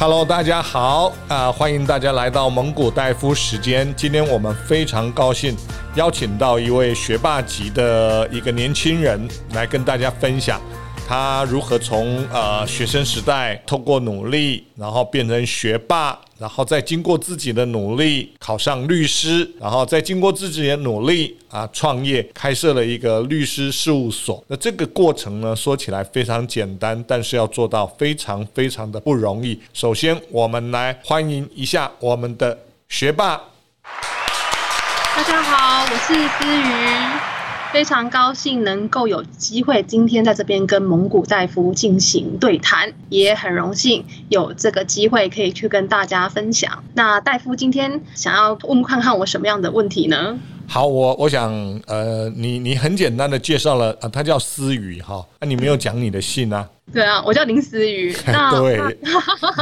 哈嘍，大家好啊、呃！歡迎大家來到萌骨戴夫時間。今天我們非常高興邀請到一位學霸級的一個年輕人來跟大家分享。他如何從呃學生時代透過努力，然後變成學霸，然後再經過自己的努力考上律師，然後再經過自己的努力啊創業，開設了一個律師事務所。那這個過程呢，說起來非常簡單，但是要做到非常非常的不容易。首先，我們來歡迎一下我們的學霸。大家好，我是思瑜。非常高興能夠有機會今天在這邊跟萌骨戴夫進行對談，也很榮幸有這個機會可以去跟大家分享。那戴夫今天想要問看看我什麼樣的問題呢？好，我我想，呃，你你很簡單的介紹了，啊、呃，他叫思瑜哈，那、哦啊、你沒有講你的姓啊？對啊，我叫林思瑜。對、啊，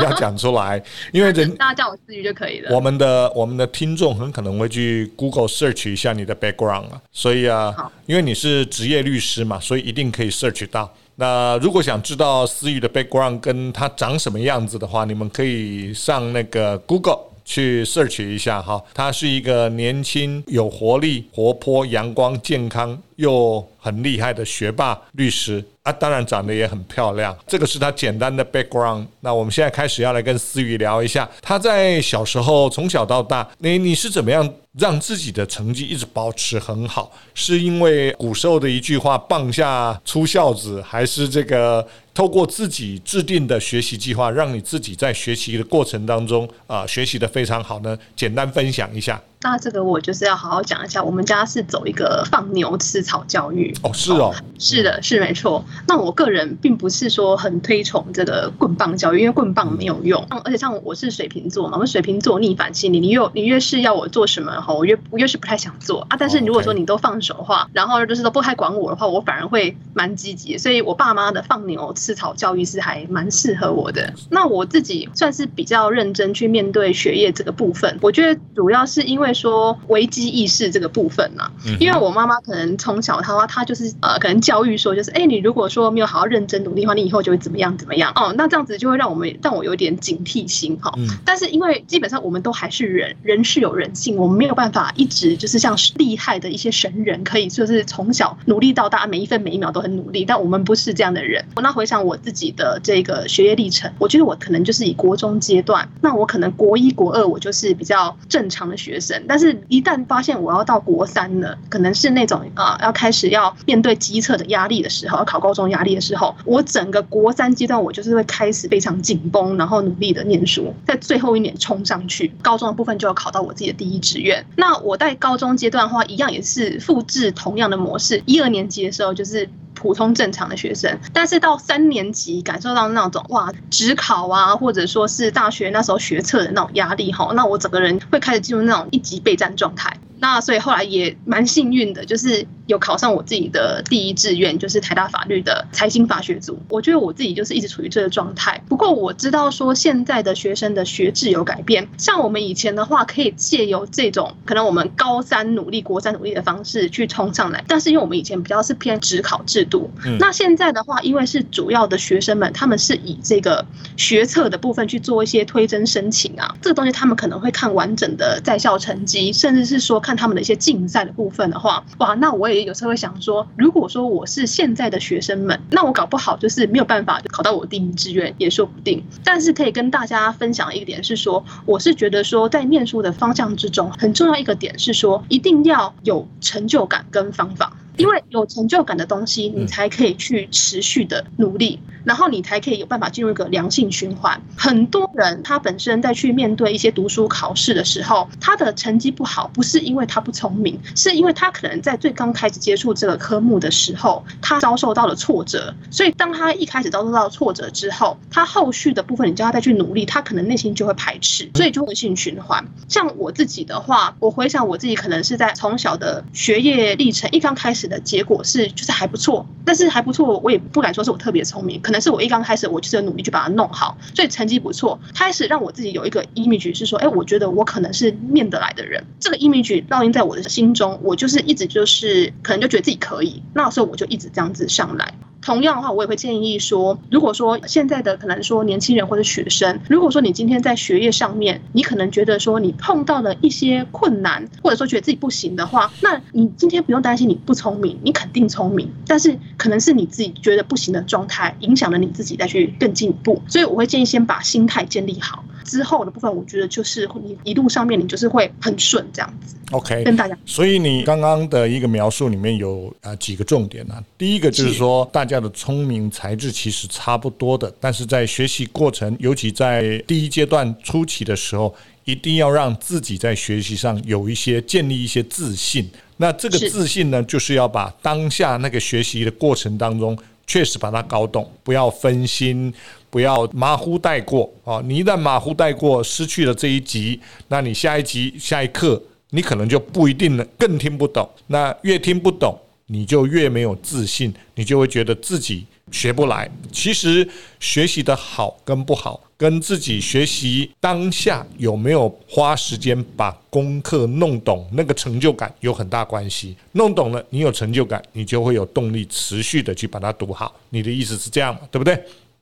要講出來，因為人大家叫我思瑜就可以了。我們的我們的聽眾很可能會去 Google search 一下你的 background，所以啊，因為你是職業律師嘛，所以一定可以 search 到。那如果想知道思瑜的 background 跟他長什麼樣子的話，你們可以上那個 Google。去 search 一下哈，他是一個年輕、有活力、活潑、陽光、健康，又很厲害的學霸律師啊，當然長得也很漂亮。這個是他簡單的 background。那我們現在開始要來跟思瑜聊一下，他在小時候從小到大，你你是怎麼樣讓自己的成績一直保持很好？是因為古時候的一句話“棒下出孝子”，還是這個透過自己制定的學習計劃，讓你自己在學習的過程當中啊、呃、學習得非常好呢？簡單分享一下。那這個我就是要好好講一下，我們家是走一個放牛吃草教育哦，是哦，是的，嗯、是沒錯。那我個人並不是說很推崇這個棍棒教育，因為棍棒沒有用。嗯、而且像我是水瓶座嘛，我水瓶座逆反心理，你越你越是要我做什麼，哈，我越我越是不太想做啊。但是如果說你都放手的話、哦 okay，然後就是都不太管我的話，我反而會蠻積極。所以我爸媽的放牛吃草教育是還蠻適合我的。那我自己算是比較認真去面對學業這個部分，我覺得主要是因為。說危機意識這個部分嘛、啊，因為我媽媽可能從小她她就是呃，可能教育說就是，哎，你如果說沒有好好認真努力的話，你以後就會怎麼樣怎麼樣哦，那這樣子就會讓我們讓我有點警惕心哈、哦。但是因為基本上我們都還是人，人是有人性，我們沒有辦法一直就是像厲害的一些神人，可以說是從小努力到大，每一分每一秒都很努力。但我們不是這樣的人。我那回想我自己的這個學業歷程，我覺得我可能就是以國中階段，那我可能國一國二我就是比較正常的學生。但是，一旦發現我要到國三了，可能是那種啊，要開始要面對基測的壓力的時候，要考高中壓力的時候，我整個國三階段，我就是會開始非常緊繃，然後努力的念書，在最後一年衝上去。高中的部分就要考到我自己的第一志願。那我在高中階段的話，一樣也是複製同樣的模式。一二年級的時候就是。普通正常的學生，但是到三年級感受到那種哇，指考啊，或者說是大學那時候學測的那種壓力吼，那我整個人會開始進入那種一級備戰狀態。那所以後來也蠻幸運的，就是有考上我自己的第一志願，就是台大法律的財經法學組。我覺得我自己就是一直處於這個狀態。不過我知道說現在的學生的學制有改變，像我們以前的話，可以借由這種可能我們高三努力、國三努力的方式去衝上來。但是因為我們以前比較是偏指考制度、嗯，那現在的話，因為是主要的學生們，他們是以這個學測的部分去做一些推甄申請啊，這個東西他們可能會看完整的在校成績，甚至是說。看他們的一些競賽的部分的話，哇，那我也有時候會想說，如果說我是現在的學生們，那我搞不好就是沒有辦法考到我第一志願也說不定。但是可以跟大家分享一點是說，我是覺得說在念書的方向之中，很重要一個點是說，一定要有成就感跟方法，因為有成就感的東西，你才可以去持續的努力。然後你才可以有辦法進入一個良性循環。很多人他本身在去面對一些讀書考試的時候，他的成績不好，不是因為他不聰明，是因為他可能在最剛開始接觸這個科目的時候，他遭受到了挫折。所以當他一開始遭受到挫折之後，他後續的部分你叫他再去努力，他可能內心就會排斥，所以就惡性循環。像我自己的話，我回想我自己可能是在從小的學業歷程一剛開始的結果是就是還不錯，但是還不錯，我也不敢說是我特別聰明，可能。但是我一剛開始，我就是有努力去把它弄好，所以成績不錯，開始讓我自己有一個 image，是說，哎，我覺得我可能是念得來的人。這個 image 烙印，在我的心中，我就是一直就是可能就覺得自己可以。那時候我就一直這樣子上來。同樣的話，我也會建議說，如果說現在的可能說年輕人或者學生，如果說你今天在學業上面，你可能覺得說你碰到了一些困難，或者說覺得自己不行的話，那你今天不用擔心你不聰明，你肯定聰明，但是可能是你自己覺得不行的狀態影響了你自己再去更進步，所以我會建議先把心態建立好。之後的部分，我覺得就是你一路上面，你就是會很順這樣子。OK，跟大家。所以你剛剛的一個描述裡面有啊、呃、幾個重點呢、啊？第一個就是說，是大家的聰明才智其實差不多的，但是在學習過程，尤其在第一階段初期的時候，一定要讓自己在學習上有一些建立一些自信。那這個自信呢，是就是要把當下那個學習的過程當中，確實把它搞懂，不要分心。不要馬虎帶過啊！你一旦馬虎帶過，失去了這一集，那你下一集、下一課，你可能就不一定了，更聽不懂。那越聽不懂，你就越沒有自信，你就會覺得自己學不來。其實學習的好跟不好，跟自己學習當下有沒有花時間把功課弄懂，那個成就感有很大關係。弄懂了，你有成就感，你就會有動力持續的去把它讀好。你的意思是這樣，對不對？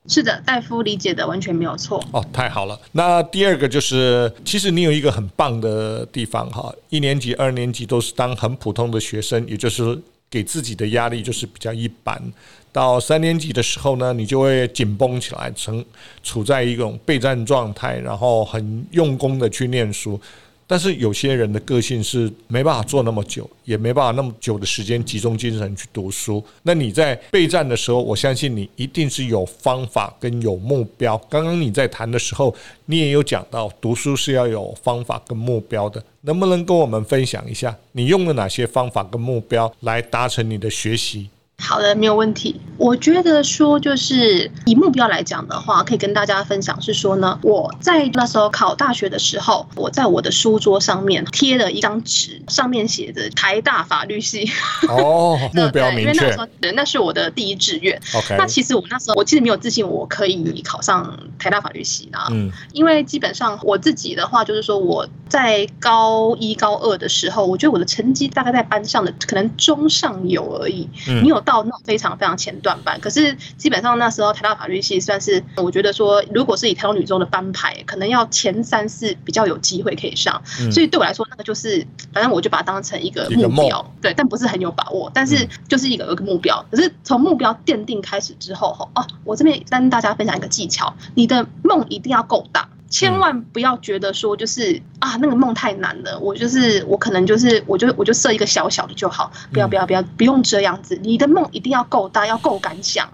是的，戴夫理解的完全沒有錯。哦，太好了。那第二個就是，其實你有一個很棒的地方哈，一年級、二年級都是當很普通的學生，也就是給自己的壓力就是比較一般。到三年級的時候呢，你就會緊繃起來，成處在一種備戰狀態，然後很用功的去念書。但是有些人的個性是沒辦法做那麼久，也沒辦法那麼久的時間集中精神去讀書。那你在備戰的時候，我相信你一定是有方法跟有目標。剛剛你在談的時候，你也有講到讀書是要有方法跟目標的，能不能跟我們分享一下你用了哪些方法跟目標來達成你的學習？好的，沒有問題。我覺得說，就是以目標來講的話，可以跟大家分享是說呢，我在那時候考大學的時候，我在我的書桌上面貼了一張紙，上面寫着“台大法律系”哦。對， 目標明確，因為那時候那是我的第一志願。Okay. 那其實我那時候我其實沒有自信我可以考上台大法律系啦。嗯，因為基本上我自己的話就是說，我在高一高二的時候，我覺得我的成績大概在班上的可能中上游而已。嗯，你有。到那種非常非常前段班，可是基本上那時候台大法律系算是，我覺得說如果是以台灣女中的班排，可能要前三四比較有機會可以上，嗯，所以對我來說那個就是，反正我就把它當成一個目標，個對，但不是很有把握，但是就是一個一個目標。嗯、可是從目標奠定開始之後吼，哦、啊，我這邊跟大家分享一個技巧，你的夢一定要夠大。千萬不要覺得說就是、嗯、啊，那個夢太難了。我就是我可能就是我就我就設一個小小的就好。不要不要不要，不用這樣子。你的夢一定要夠大，要夠敢想，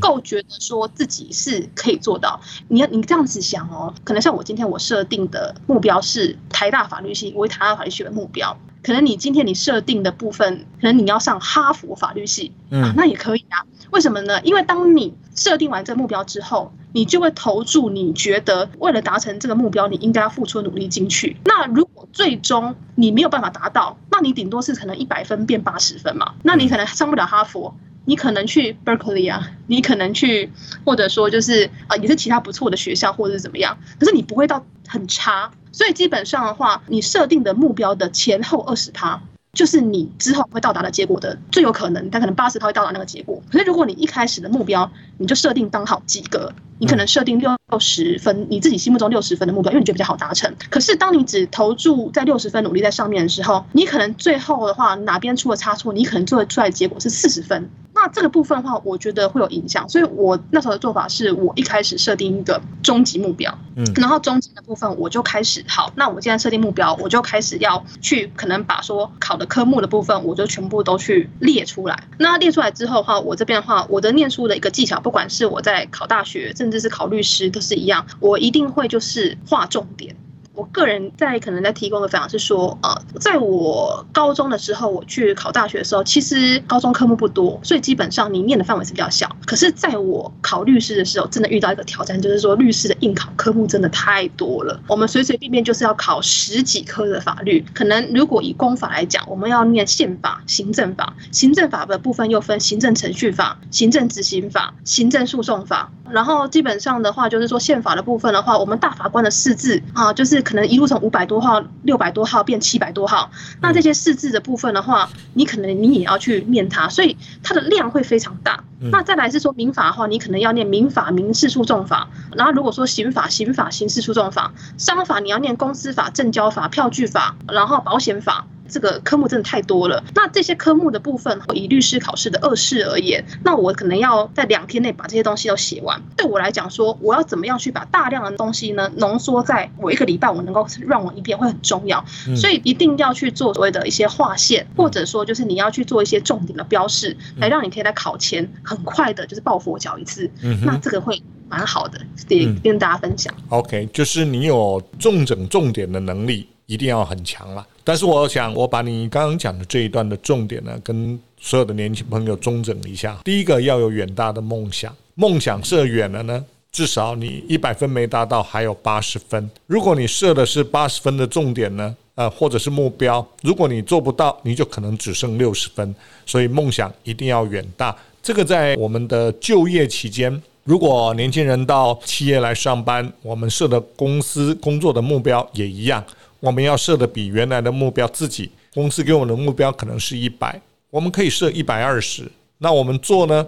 夠、嗯、覺得說自己是可以做到。你要你這樣子想哦，可能像我今天我設定的目標是台大法律系，我以台大法律系的目標。可能你今天你設定的部分，可能你要上哈佛法律系，嗯、啊，那也可以啊。為什麼呢？因為當你設定完這個目標之後，你就會投注你覺得為了達成這個目標，你應該要付出努力進去。那如果最終你沒有辦法達到，那你頂多是可能一百分變八十分嘛。那你可能上不了哈佛，你可能去 Berkeley 啊，你可能去，或者說就是啊、呃，也是其他不錯的學校或者是怎麼樣。可是你不會到很差。所以基本上的話，你設定的目標的前後二十趴，就是你之後會到達的結果的最有可能，但可能八十趴會到達那個結果。可是如果你一開始的目標，你就設定剛好及格，你可能設定六十分，你自己心目中六十分的目標，因為你覺得比較好達成。可是當你只投注在六十分努力在上面的時候，你可能最後的話哪邊出了差錯，你可能做得出來的結果是四十分。那這個部分的話，我覺得會有影響，所以我那時候的做法是，我一開始設定一個終極目標，嗯，然後中間的部分我就開始，好，那我既然設定目標，我就開始要去可能把說考的科目的部分，我就全部都去列出來。那列出來之後的話，我這邊的話，我的念書的一個技巧，不管是我在考大學，甚至是考律師，都是一樣，我一定會就是劃重點。我個人在可能在提供的分享是說，呃，在我高中的時候，我去考大學的時候，其實高中科目不多，所以基本上你念的範圍是比較小。可是，在我考律師的時候，真的遇到一個挑戰，就是說律師的應考科目真的太多了。我們隨隨便便就是要考十幾科的法律。可能如果以公法來講，我們要念憲法、行政法，行政法的部分又分行政程序法、行政執行法、行政訴訟法。然後基本上的話，就是說憲法的部分的話，我們大法官的釋字啊，就是。可能一路從五百多號、六百多號變七百多號，那這些釋字的部分的話，你可能你也要去念它，所以它的量會非常大。嗯、那再來是說民法的話，你可能要念民法、民事訴訟法，然後如果說刑法、刑法、刑事訴訟法，商法你要念公司法、證交法、票據法，然後保險法。這個科目真的太多了。那這些科目的部分，以律師考試的二試而言，那我可能要在兩天內把這些東西都寫完。對我來講說，說我要怎麼樣去把大量的東西呢濃縮在我一個禮拜，我能夠讓我一遍會很重要、嗯。所以一定要去做所謂的一些劃線、嗯，或者說就是你要去做一些重點的標示，嗯、來讓你可以在考前很快的就是抱佛腳一次、嗯哼。那這個會蠻好的，也跟大家分享、嗯。OK，就是你有重整重點的能力。一定要很強了，啊，但是我想，我把你剛剛講的這一段的重點呢，跟所有的年輕朋友重整一下。第一個要有遠大的夢想，夢想設遠了呢，至少你一百分沒達到，還有八十分。如果你設的是八十分的重點呢，呃，或者是目標，如果你做不到，你就可能只剩六十分。所以夢想一定要遠大。這個在我們的就業期間，如果年輕人到企業來上班，我們設的公司工作的目標也一樣。我們要設的比原來的目標，自己公司給我們的目標可能是一百，我們可以設一百二十。那我們做呢？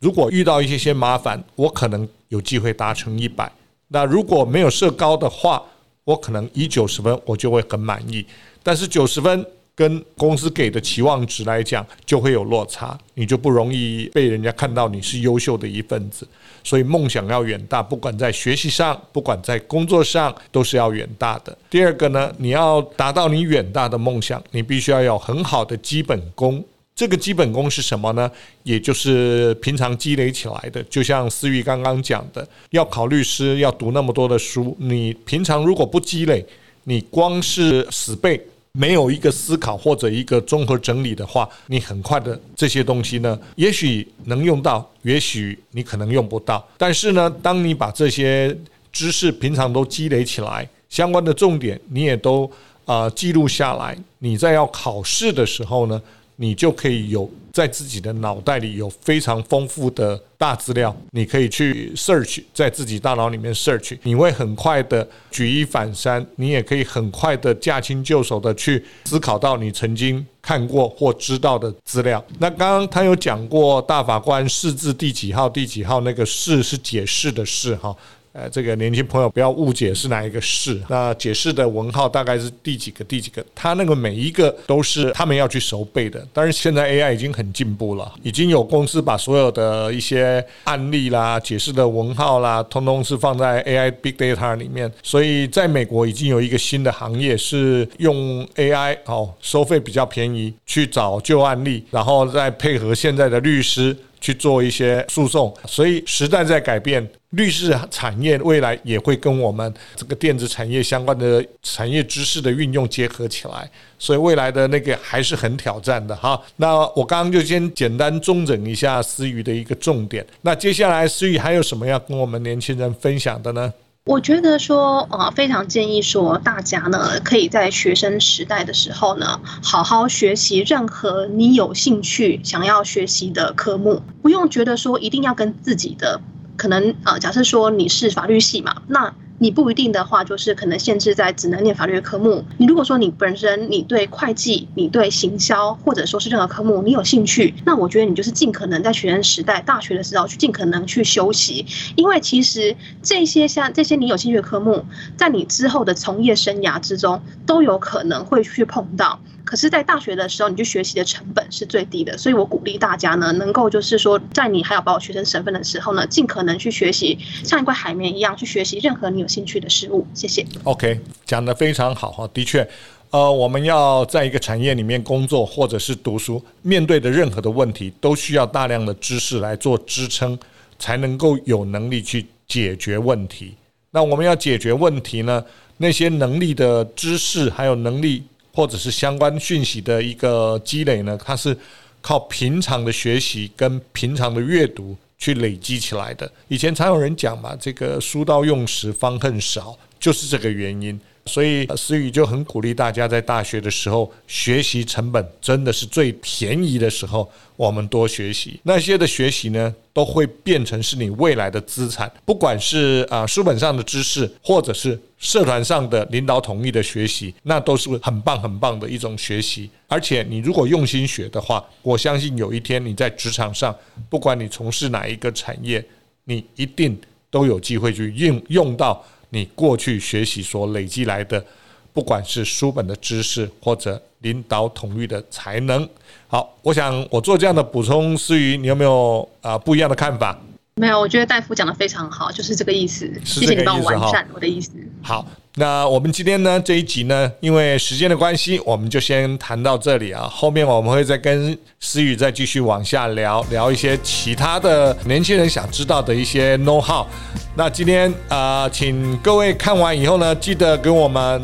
如果遇到一些些麻煩，我可能有機會達成一百。那如果沒有設高的話，我可能以九十分，我就會很滿意。但是九十分，跟公司給的期望值來講，就會有落差，你就不容易被人家看到你是優秀的一份子。所以夢想要遠大，不管在學習上，不管在工作上，都是要遠大的。第二個呢，你要達到你遠大的夢想，你必須要有很好的基本功。這個基本功是什麼呢？也就是平常積累起來的。就像思瑜剛剛講的，要考律師要讀那麼多的書，你平常如果不積累，你光是死背。沒有一個思考或者一個綜合整理的話，你很快的這些東西呢，也許能用到，也許你可能用不到。但是呢，當你把這些知識平常都積累起來，相關的重點你也都啊、呃、記錄下來，你在要考試的時候呢。你就可以有在自己的腦袋裡有非常豐富的大資料，你可以去 search，在自己大腦裡面 search，你會很快的舉一反三，你也可以很快的駕輕就熟的去思考到你曾經看過或知道的資料。那剛剛他有講過大法官釋字第幾號、第幾號，那個釋是解釋的釋哈。呃，這個年輕朋友不要誤解是哪一個事。那解釋的文號大概是第幾個、第幾個？他那個每一個都是他們要去熟背的。但是現在 AI 已經很進步了，已經有公司把所有的一些案例啦、解釋的文號啦，通通是放在 AI Big Data 裡面。所以在美國已經有一個新的行業是用 AI 哦，收費比較便宜，去找舊案例，然後再配合現在的律師。去做一些訴訟，所以時代在改變，律師產業未來也會跟我們這個電子產業相關的產業知識的運用結合起來，所以未來的那個還是很挑戰的哈。那我剛剛就先簡單重整一下思瑜的一個重點。那接下來思瑜還有什麼要跟我們年輕人分享的呢？我覺得說，呃，非常建議說，大家呢，可以在學生時代的時候呢，好好學習任何你有興趣、想要學習的科目，不用覺得說一定要跟自己的可能，呃，假設說你是法律系嘛，那。你不一定的話，就是可能限制在只能念法律的科目。你如果說你本身你對會計、你對行銷或者說是任何科目你有興趣，那我覺得你就是盡可能在學生時代、大學的時候去盡可能去修習。因為其實這些像這些你有興趣的科目，在你之後的從業生涯之中都有可能會去碰到。可是，在大學的時候，你去學習的成本是最低的，所以我鼓勵大家呢，能夠就是說，在你還要保學生身份的時候呢，盡可能去學習，像一塊海綿一樣去學習任何你有興趣的事物。謝謝。OK，講得非常好哈，的確，呃，我們要在一個產業裡面工作或者是讀書，面對的任何的問題都需要大量的知識來做支撐，才能夠有能力去解決問題。那我們要解決問題呢，那些能力的知識還有能力。或者是相關訊息的一個積累呢，它是靠平常的學習跟平常的閱讀去累積起來的。以前常有人講嘛，這個“書到用時方恨少”，就是這個原因。所以思瑜就很鼓勵大家，在大學的時候，學習成本真的是最便宜的時候，我們多學習那些的學習呢，都會變成是你未來的資產。不管是啊書本上的知識，或者是社團上的領導統一的學習，那都是很棒很棒的一種學習。而且你如果用心學的話，我相信有一天你在職場上，不管你從事哪一個產業，你一定都有機會去應用到。你過去學習所累積來的，不管是書本的知識，或者領導統御的才能。好，我想我做這樣的補充思瑜，你有沒有啊不一樣的看法？沒有，我覺得戴夫講的非常好，就是這個意思。是這個意思，謝謝你幫我完善哦，我的意思。好，那我們今天呢，這一集呢，因為時間的關係，我們就先談到這裡啊。後面我們會再跟思雨再繼續往下聊聊一些其他的年輕人想知道的一些 know how。那今天啊，呃，請各位看完以後呢，記得給我們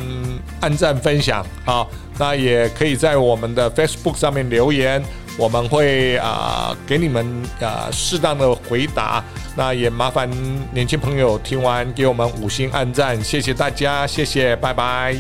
按讚分享。好，那也可以在我們的 Facebook 上面留言。我們會啊、呃，給你們啊、呃，適當的回答。那也麻煩年輕朋友聽完給我們五星按讚，謝謝大家，謝謝，拜拜。